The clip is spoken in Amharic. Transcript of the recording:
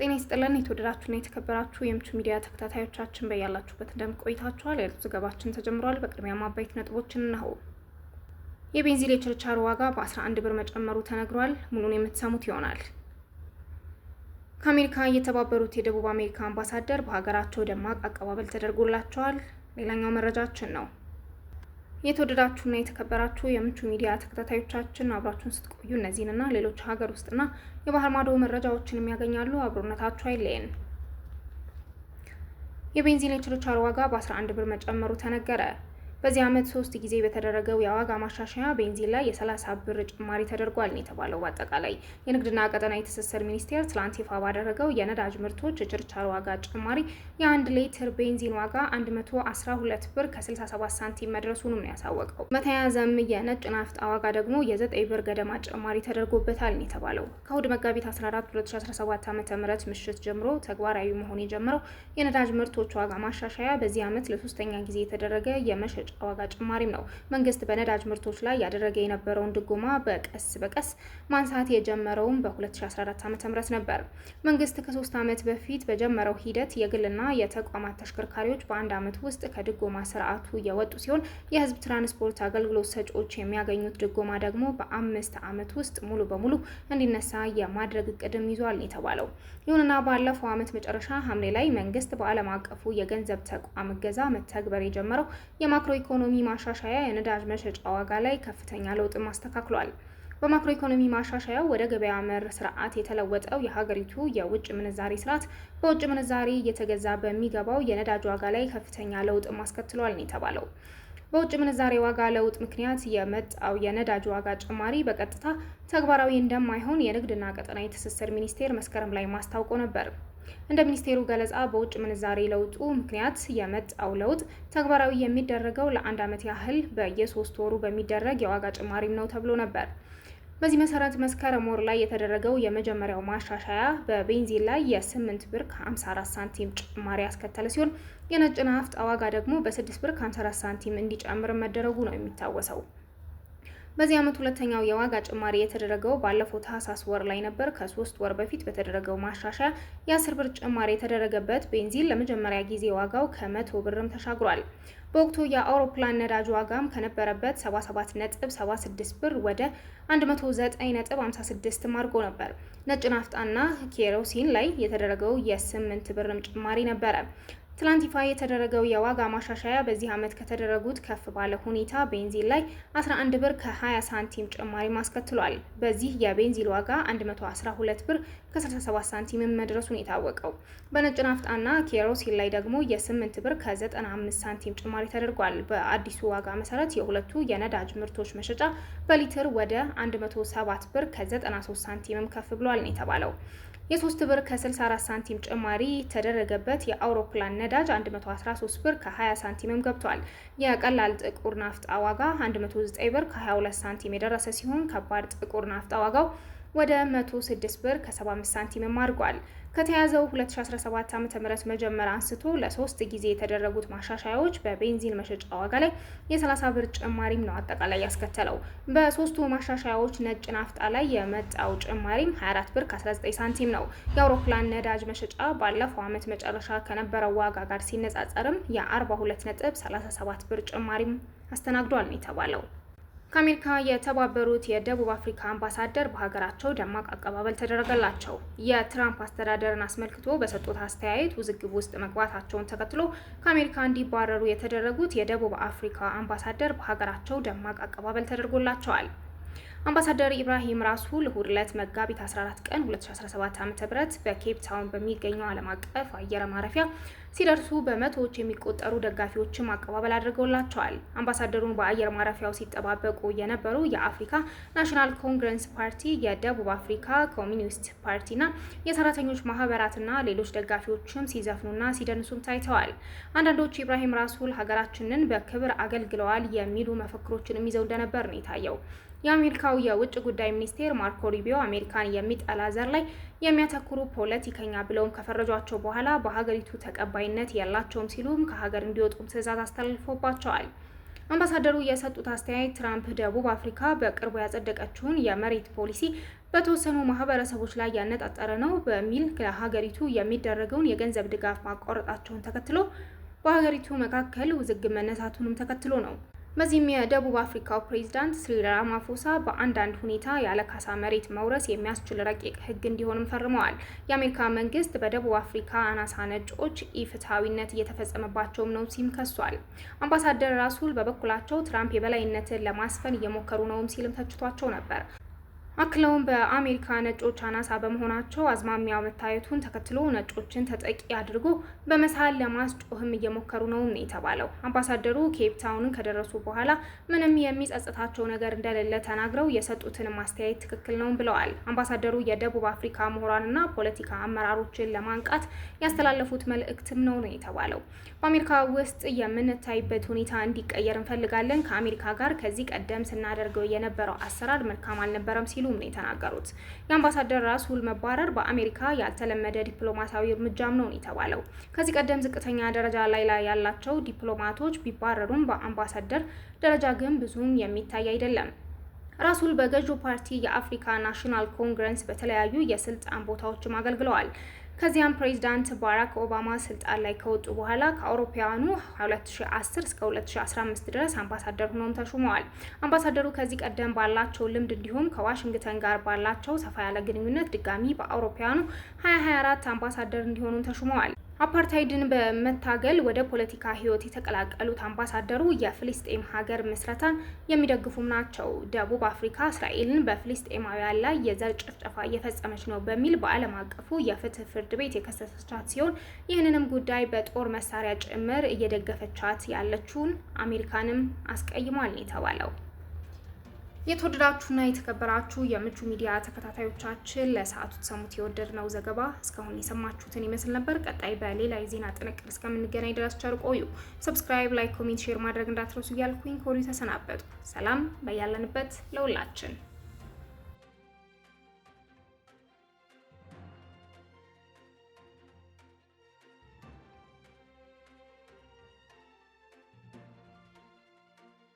ጤና ይስጥልን የተወደዳችሁና የተከበራችሁ የምቹ ሚዲያ ተከታታዮቻችን በያላችሁበት እንደምን ቆይታችኋል? የዕለቱ ዘገባችን ተጀምሯል። በቅድሚያ አበይት ነጥቦች እነሆ። የቤንዚን የችርቻሮ ዋጋ በ11 ብር መጨመሩ ተነግሯል። ሙሉን የምትሰሙት ይሆናል። ከአሜሪካ የተባበሩት የደቡብ አሜሪካ አምባሳደር በሀገራቸው ደማቅ አቀባበል ተደርጎላቸዋል። ሌላኛው መረጃችን ነው። የተወደዳችሁና የተከበራችሁ የምቹ ሚዲያ ተከታታዮቻችን አብራችሁን ስትቆዩ እነዚህንና ሌሎች ሀገር ውስጥና የባህር ማዶ መረጃዎችን የሚያገኛሉ። አብሮነታችሁ አይለየን። የቤንዚን የችርቻሮ ዋጋ በ11 ብር መጨመሩ ተነገረ። በዚህ ዓመት ሶስት ጊዜ በተደረገው የዋጋ ማሻሻያ ቤንዚን ላይ የ30 ብር ጭማሪ ተደርጓል ነው የተባለው። በአጠቃላይ የንግድና ቀጠናዊ ትስስር ሚኒስቴር ትላንት ይፋ ባደረገው የነዳጅ ምርቶች የችርቻር ዋጋ ጭማሪ የአንድ ሌትር ቤንዚን ዋጋ 112 ብር ከ67 ሳንቲም መድረሱንም ነው ያሳወቀው። በተያያዘም የነጭ ናፍጣ ዋጋ ደግሞ የ9 ብር ገደማ ጭማሪ ተደርጎበታል ነው የተባለው። ከእሁድ መጋቢት 14 2017 ዓ.ም ምሽት ጀምሮ ተግባራዊ መሆን የጀመረው የነዳጅ ምርቶች ዋጋ ማሻሻያ በዚህ ዓመት ለሶስተኛ ጊዜ የተደረገ የመሸ የመሸጫ ዋጋ ጭማሪም ነው። መንግስት በነዳጅ ምርቶች ላይ ያደረገ የነበረውን ድጎማ በቀስ በቀስ ማንሳት የጀመረውም በ2014 ዓ ም ነበር። መንግስት ከሶስት ዓመት በፊት በጀመረው ሂደት የግልና የተቋማት ተሽከርካሪዎች በአንድ ዓመት ውስጥ ከድጎማ ስርዓቱ የወጡ ሲሆን የህዝብ ትራንስፖርት አገልግሎት ሰጪዎች የሚያገኙት ድጎማ ደግሞ በአምስት ዓመት ውስጥ ሙሉ በሙሉ እንዲነሳ የማድረግ እቅድም ይዟል የተባለው። ይሁንና ባለፈው ዓመት መጨረሻ ሐምሌ ላይ መንግስት በዓለም አቀፉ የገንዘብ ተቋም እገዛ መተግበር የጀመረው የማክሮ ኢኮኖሚ ማሻሻያ የነዳጅ መሸጫ ዋጋ ላይ ከፍተኛ ለውጥ አስተካክሏል። በማክሮ ኢኮኖሚ ማሻሻያው ወደ ገበያ መር ስርዓት የተለወጠው የሀገሪቱ የውጭ ምንዛሬ ስርዓት በውጭ ምንዛሬ እየተገዛ በሚገባው የነዳጅ ዋጋ ላይ ከፍተኛ ለውጥ አስከትሏል ነው የተባለው። በውጭ ምንዛሬ ዋጋ ለውጥ ምክንያት የመጣው የነዳጅ ዋጋ ጭማሪ በቀጥታ ተግባራዊ እንደማይሆን የንግድና ቀጠናዊ ትስስር ሚኒስቴር መስከረም ላይ ማስታውቆ ነበር። እንደ ሚኒስቴሩ ገለጻ በውጭ ምንዛሬ ለውጡ ምክንያት የመጣው ለውጥ ተግባራዊ የሚደረገው ለአንድ ዓመት ያህል በየሶስት ወሩ በሚደረግ የዋጋ ጭማሪም ነው ተብሎ ነበር። በዚህ መሰረት መስከረም ወር ላይ የተደረገው የመጀመሪያው ማሻሻያ በቤንዚን ላይ የ8 ብር ከ54 ሳንቲም ጭማሪ ያስከተለ ሲሆን የነጭ ናፍጣ ዋጋ ደግሞ በ6 ብር ከ54 ሳንቲም እንዲጨምር መደረጉ ነው የሚታወሰው። በዚህ ዓመት ሁለተኛው የዋጋ ጭማሪ የተደረገው ባለፈው ታህሳስ ወር ላይ ነበር። ከሶስት ወር በፊት በተደረገው ማሻሻያ የአስር ብር ጭማሪ የተደረገበት ቤንዚን ለመጀመሪያ ጊዜ ዋጋው ከመቶ ብርም ተሻግሯል። በወቅቱ የአውሮፕላን ነዳጅ ዋጋም ከነበረበት 77.76 ብር ወደ 109.56 አድርጎ ነበር። ነጭ ናፍጣና ኬሮሲን ላይ የተደረገው የስምንት ብርም ጭማሪ ነበረ። ትላንት ይፋ የተደረገው የዋጋ ማሻሻያ በዚህ ዓመት ከተደረጉት ከፍ ባለ ሁኔታ ቤንዚን ላይ 11 ብር ከ20 ሳንቲም ጭማሪ ማስከትሏል። በዚህ የቤንዚን ዋጋ 112 ብር ከ67 ሳንቲም መድረሱን የታወቀው። በነጭ ናፍጣና ኬሮሲን ላይ ደግሞ የ8 ብር ከ95 ሳንቲም ጭማሪ ተደርጓል። በአዲሱ ዋጋ መሰረት የሁለቱ የነዳጅ ምርቶች መሸጫ በሊትር ወደ 107 ብር ከ93 ሳንቲምም ከፍ ብሏል ነው የተባለው። የሶስት ብር ከ64 ሳንቲም ጭማሪ ተደረገበት። የአውሮፕላን ነዳጅ 113 ብር ከ20 ሳንቲምም ገብቷል። የቀላል ጥቁር ናፍጣ ዋጋ 109 ብር ከ22 ሳንቲም የደረሰ ሲሆን ከባድ ጥቁር ናፍጣ ዋጋው ወደ 106 ብር ከ75 ሳንቲምም አድርጓል። ከተያዘው 2017 ዓ.ም መጀመሪያ አንስቶ ለሶስት ጊዜ የተደረጉት ማሻሻያዎች በቤንዚን መሸጫ ዋጋ ላይ የ30 ብር ጭማሪም ነው አጠቃላይ ያስከተለው። በሶስቱ ማሻሻያዎች ነጭ ናፍጣ ላይ የመጣው ጭማሪም 24 ብር ከ19 ሳንቲም ነው። የአውሮፕላን ነዳጅ መሸጫ ባለፈው ዓመት መጨረሻ ከነበረው ዋጋ ጋር ሲነጻጸርም የ42 ነጥብ 37 ብር ጭማሪም አስተናግዷል ነው የተባለው። ከአሜሪካ የተባበሩት የደቡብ አፍሪካ አምባሳደር በሀገራቸው ደማቅ አቀባበል ተደረገላቸው። የትራምፕ አስተዳደርን አስመልክቶ በሰጡት አስተያየት ውዝግብ ውስጥ መግባታቸውን ተከትሎ ከአሜሪካ እንዲባረሩ የተደረጉት የደቡብ አፍሪካ አምባሳደር በሀገራቸው ደማቅ አቀባበል ተደርጎላቸዋል። አምባሳደር ኢብራሂም ራሱ እሁድ ዕለት መጋቢት 14 ቀን 2017 ዓ.ም በኬፕ ታውን በሚገኘው ዓለም አቀፍ አየር ማረፊያ ሲደርሱ በመቶዎች የሚቆጠሩ ደጋፊዎችም አቀባበል አድርገውላቸዋል። አምባሳደሩን በአየር ማረፊያው ሲጠባበቁ የነበሩ የአፍሪካ ናሽናል ኮንግረስ ፓርቲ፣ የደቡብ አፍሪካ ኮሚኒስት ፓርቲና የሰራተኞች ማህበራትና ሌሎች ደጋፊዎችም ሲዘፍኑና ሲደንሱም ታይተዋል። አንዳንዶች ኢብራሂም ራሱል ሀገራችንን በክብር አገልግለዋል የሚሉ መፈክሮችንም ይዘው እንደነበር ነው የታየው። የአሜሪካው የአሜሪካው የውጭ ጉዳይ ሚኒስቴር ማርኮ ሩቢዮ አሜሪካን የሚጠላ ዘር ላይ የሚያተኩሩ ፖለቲከኛ ብለውም ከፈረጇቸው በኋላ በሀገሪቱ ተቀባይነት የላቸውም ሲሉም ከሀገር እንዲወጡም ትዕዛዝ አስተላልፎባቸዋል። አምባሳደሩ የሰጡት አስተያየት ትራምፕ ደቡብ አፍሪካ በቅርቡ ያጸደቀችውን የመሬት ፖሊሲ በተወሰኑ ማህበረሰቦች ላይ ያነጣጠረ ነው በሚል ለሀገሪቱ የሚደረገውን የገንዘብ ድጋፍ ማቋረጣቸውን ተከትሎ በሀገሪቱ መካከል ውዝግብ መነሳቱንም ተከትሎ ነው። በዚህም የደቡብ አፍሪካው ፕሬዚዳንት ሲሪል ራማፎሳ በአንዳንድ ሁኔታ ያለ ካሳ መሬት መውረስ የሚያስችል ረቂቅ ህግ እንዲሆንም ፈርመዋል። የአሜሪካ መንግስት በደቡብ አፍሪካ አናሳ ነጮች ኢፍትሐዊነት እየተፈጸመባቸውም ነው ሲም ከሷል። አምባሳደር ራሱል በበኩላቸው ትራምፕ የበላይነትን ለማስፈን እየሞከሩ ነውም ሲልም ተችቷቸው ነበር። አክለውም በአሜሪካ ነጮች አናሳ በመሆናቸው አዝማሚያ መታየቱን ተከትሎ ነጮችን ተጠቂ አድርጎ በመሳል ለማስጮህም እየሞከሩ ነው የተባለው። አምባሳደሩ ኬፕ ታውንን ከደረሱ በኋላ ምንም የሚጸጽታቸው ነገር እንደሌለ ተናግረው የሰጡትን ማስተያየት ትክክል ነው ብለዋል። አምባሳደሩ የደቡብ አፍሪካ ምሁራንና ፖለቲካ አመራሮችን ለማንቃት ያስተላለፉት መልእክትም ነው ነው የተባለው። በአሜሪካ ውስጥ የምንታይበት ሁኔታ እንዲቀየር እንፈልጋለን። ከአሜሪካ ጋር ከዚህ ቀደም ስናደርገው የነበረው አሰራር መልካም አልነበረም ሲሉም ነው የተናገሩት። የአምባሳደር ራሱል መባረር በአሜሪካ ያልተለመደ ዲፕሎማሲያዊ እርምጃም ነው የተባለው። ከዚህ ቀደም ዝቅተኛ ደረጃ ላይ ላይ ያላቸው ዲፕሎማቶች ቢባረሩም በአምባሳደር ደረጃ ግን ብዙም የሚታይ አይደለም። ራሱል በገዢው ፓርቲ የአፍሪካ ናሽናል ኮንግረስ በተለያዩ የስልጣን ቦታዎችም አገልግለዋል። ከዚያም ፕሬዚዳንት ባራክ ኦባማ ስልጣን ላይ ከወጡ በኋላ ከአውሮፓውያኑ 2010 እስከ 2015 ድረስ አምባሳደር ሆኖም ተሹመዋል። አምባሳደሩ ከዚህ ቀደም ባላቸው ልምድ እንዲሁም ከዋሽንግተን ጋር ባላቸው ሰፋ ያለ ግንኙነት ድጋሚ በአውሮፓውያኑ 2024 አምባሳደር እንዲሆኑም ተሹመዋል። አፓርታይድን በመታገል ወደ ፖለቲካ ህይወት የተቀላቀሉት አምባሳደሩ የፍልስጤም ሀገር ምስረታን የሚደግፉም ናቸው። ደቡብ አፍሪካ እስራኤልን በፍልስጤማውያን ላይ የዘር ጭፍጨፋ እየፈጸመች ነው በሚል በዓለም አቀፉ የፍትህ ፍርድ ቤት የከሰሰቻት ሲሆን ይህንንም ጉዳይ በጦር መሳሪያ ጭምር እየደገፈቻት ያለችውን አሜሪካንም አስቀይሟል የተባለው የተወደዳችሁና የተከበራችሁ የምቹ ሚዲያ ተከታታዮቻችን ለሰዓቱ ተሰሙት የወደድነው ዘገባ እስካሁን የሰማችሁትን ይመስል ነበር። ቀጣይ በሌላ የዜና ጥንቅር እስከምንገናኝ ድረስ ቸር ቆዩ። ሰብስክራይብ፣ ላይክ፣ ኮሜንት፣ ሼር ማድረግ እንዳትረሱ እያልኩኝ ከወዲሁ ተሰናበጡ። ሰላም በያለንበት ለሁላችን።